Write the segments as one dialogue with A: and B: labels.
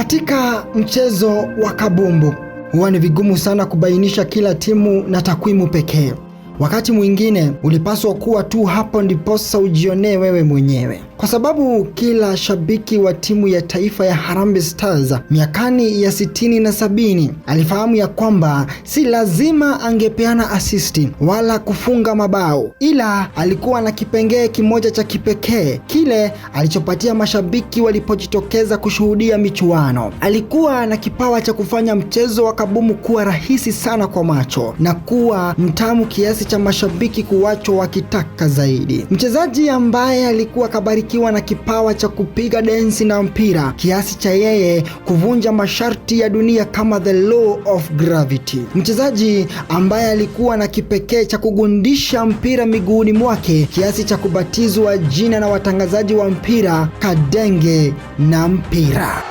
A: Katika mchezo wa kabumbu huwa ni vigumu sana kubainisha kila timu na takwimu pekee. Wakati mwingine ulipaswa kuwa tu hapo ndiposa ujionee wewe mwenyewe, kwa sababu kila shabiki wa timu ya taifa ya Harambee Stars miakani ya sitini na sabini alifahamu ya kwamba si lazima angepeana asisti wala kufunga mabao, ila alikuwa na kipengee kimoja cha kipekee, kile alichopatia mashabiki walipojitokeza kushuhudia michuano. Alikuwa na kipawa cha kufanya mchezo wa kabumu kuwa rahisi sana kwa macho na kuwa mtamu kiasi cha mashabiki kuwachwa wakitaka zaidi. Mchezaji ambaye alikuwa akabarikiwa na kipawa cha kupiga densi na mpira kiasi cha yeye kuvunja masharti ya dunia kama the law of gravity, mchezaji ambaye alikuwa na kipekee cha kugundisha mpira miguuni mwake kiasi cha kubatizwa jina na watangazaji wa mpira kadenge na mpira.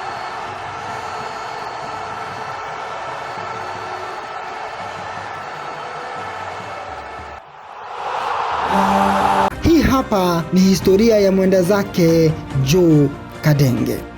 A: hapa ni historia ya mwenda zake Joe Kadenge.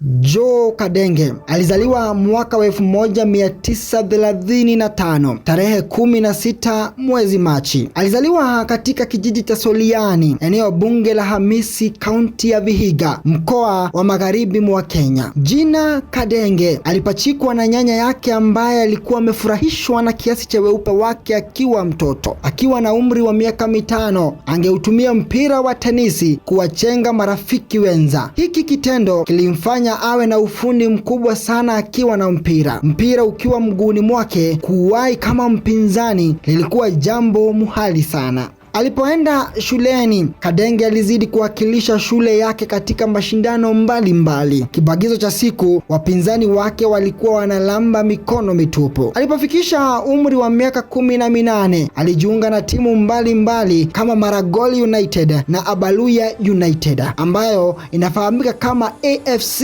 A: Joe Kadenge alizaliwa mwaka wa 1935 tarehe 16 mwezi Machi. Alizaliwa katika kijiji cha Soliani, eneo bunge la Hamisi, kaunti ya Vihiga, mkoa wa magharibi mwa Kenya. Jina Kadenge alipachikwa na nyanya yake ambaye alikuwa amefurahishwa na kiasi cha weupe wake akiwa mtoto. Akiwa na umri wa miaka mitano, angeutumia mpira wa tenisi kuwachenga marafiki wenza. Hiki kitendo kilimfanya kumfanya awe na ufundi mkubwa sana akiwa na mpira, mpira ukiwa mguuni mwake. Kuwahi kama mpinzani lilikuwa jambo muhali sana. Alipoenda shuleni, Kadenge alizidi kuwakilisha shule yake katika mashindano mbalimbali mbali. Kibagizo cha siku, wapinzani wake walikuwa wanalamba mikono mitupu. Alipofikisha umri wa miaka kumi na minane alijiunga na timu mbalimbali mbali kama Maragoli United na Abaluya United ambayo inafahamika kama AFC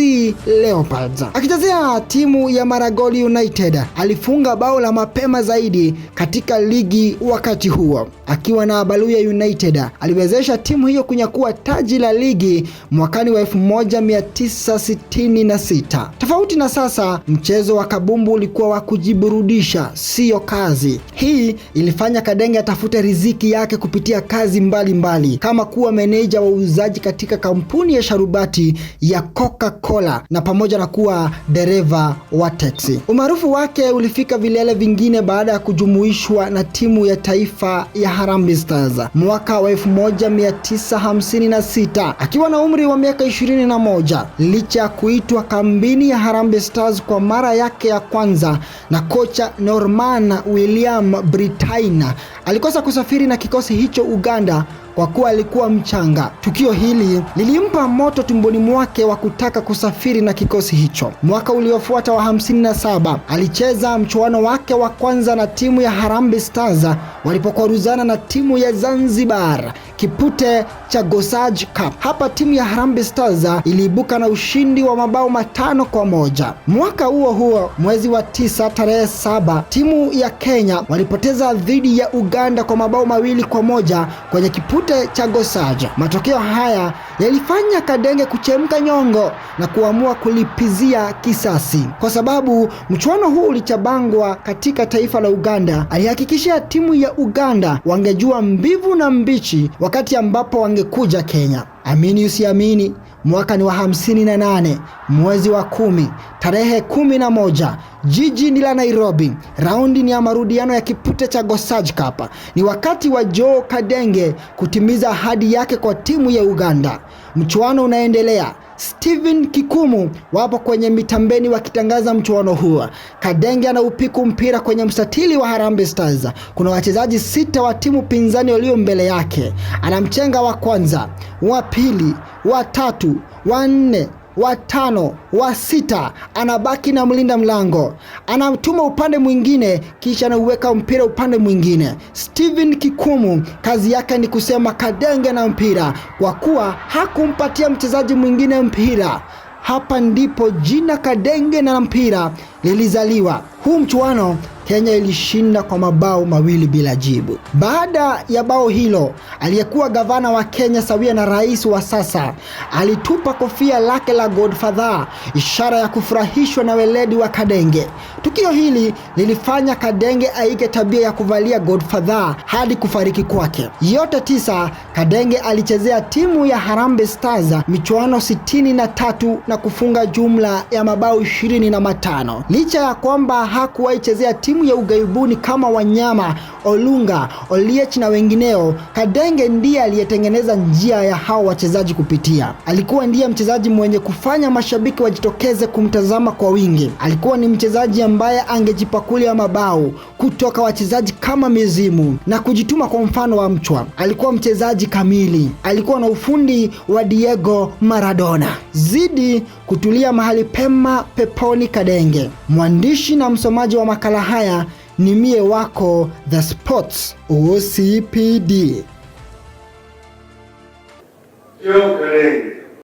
A: Leopards. Akichezea timu ya Maragoli United alifunga bao la mapema zaidi katika ligi wakati huo akiwa na Abaluya Haleluya United aliwezesha timu hiyo kunyakua taji la ligi mwakani wa 1966. Tofauti na sasa, mchezo wa kabumbu ulikuwa wa kujiburudisha, siyo kazi. Hii ilifanya Kadenge atafute riziki yake kupitia kazi mbalimbali mbali, kama kuwa meneja wa uuzaji katika kampuni ya sharubati ya Coca-Cola na pamoja na kuwa dereva wa teksi. Umaarufu wake ulifika vilele vingine baada ya kujumuishwa na timu ya taifa ya Harambee Stars kwanza mwaka wa 1956 akiwa na umri wa miaka 21. Licha ya kuitwa kambini ya Harambee Stars kwa mara yake ya kwanza na kocha Norman William Britaina, alikosa kusafiri na kikosi hicho Uganda kwa kuwa alikuwa mchanga. Tukio hili lilimpa moto tumboni mwake wa kutaka kusafiri na kikosi hicho. Mwaka uliofuata wa 57 alicheza mchuano wake wa kwanza na timu ya Harambee Stars walipokwaruzana na timu ya Zanzibar kipute cha Gosaj Cup. Hapa timu ya Harambee Stars iliibuka na ushindi wa mabao matano kwa moja. Mwaka huo huo mwezi wa tisa tarehe saba timu ya Kenya walipoteza dhidi ya Uganda kwa mabao mawili kwa moja kwenye kipute cha gosaj Matokeo haya yalifanya Kadenge kuchemka nyongo na kuamua kulipizia kisasi, kwa sababu mchuano huu ulichabangwa katika taifa la Uganda. Alihakikishia timu ya Uganda wangejua mbivu na mbichi wakati ambapo wangekuja Kenya. Amini usiamini, mwaka ni wa hamsini na nane mwezi wa kumi tarehe kumi na moja jiji ni la Nairobi. Raundi ni ya marudiano ya kipute cha Gosaj Cup. Ni wakati wa Joe Kadenge kutimiza ahadi yake kwa timu ya Uganda. Mchuano unaendelea Steven Kikumu wapo kwenye mitambeni wakitangaza mchuano huo. Kadenge anaupiku mpira kwenye mstatili wa Harambee Stars. Kuna wachezaji sita wa timu pinzani walio mbele yake. Anamchenga wa kwanza, wa pili, wa tatu, wa nne wa tano, wa sita, anabaki na mlinda mlango, anamtuma upande mwingine, kisha anauweka mpira upande mwingine. Steven Kikumu kazi yake ni kusema kadenge na mpira, kwa kuwa hakumpatia mchezaji mwingine mpira. Hapa ndipo jina kadenge na mpira lilizaliwa. Huu mchuano Kenya ilishinda kwa mabao mawili bila jibu. Baada ya bao hilo, aliyekuwa gavana wa Kenya sawia na rais wa sasa alitupa kofia lake la Godfather, ishara ya kufurahishwa na weledi wa Kadenge. Tukio hili lilifanya Kadenge aike tabia ya kuvalia Godfather hadi kufariki kwake. Yote tisa, Kadenge alichezea timu ya Harambee Stars michuano sitini na tatu na kufunga jumla ya mabao ishirini na matano licha ya kwamba hakuwahi chezea timu timu ya ughaibuni kama Wanyama, Olunga, Oliech na wengineo, Kadenge ndiye aliyetengeneza njia ya hawa wachezaji kupitia. Alikuwa ndiye mchezaji mwenye kufanya mashabiki wajitokeze kumtazama kwa wingi. Alikuwa ni mchezaji ambaye angejipakulia mabao kutoka wachezaji kama mizimu na kujituma. Kwa mfano wa Mchwa, alikuwa mchezaji kamili, alikuwa na ufundi wa Diego Maradona. Zidi kutulia mahali pema peponi Kadenge, mwandishi na msomaji wa makala haya haya ni mie wako The Sports OCPD. Yo,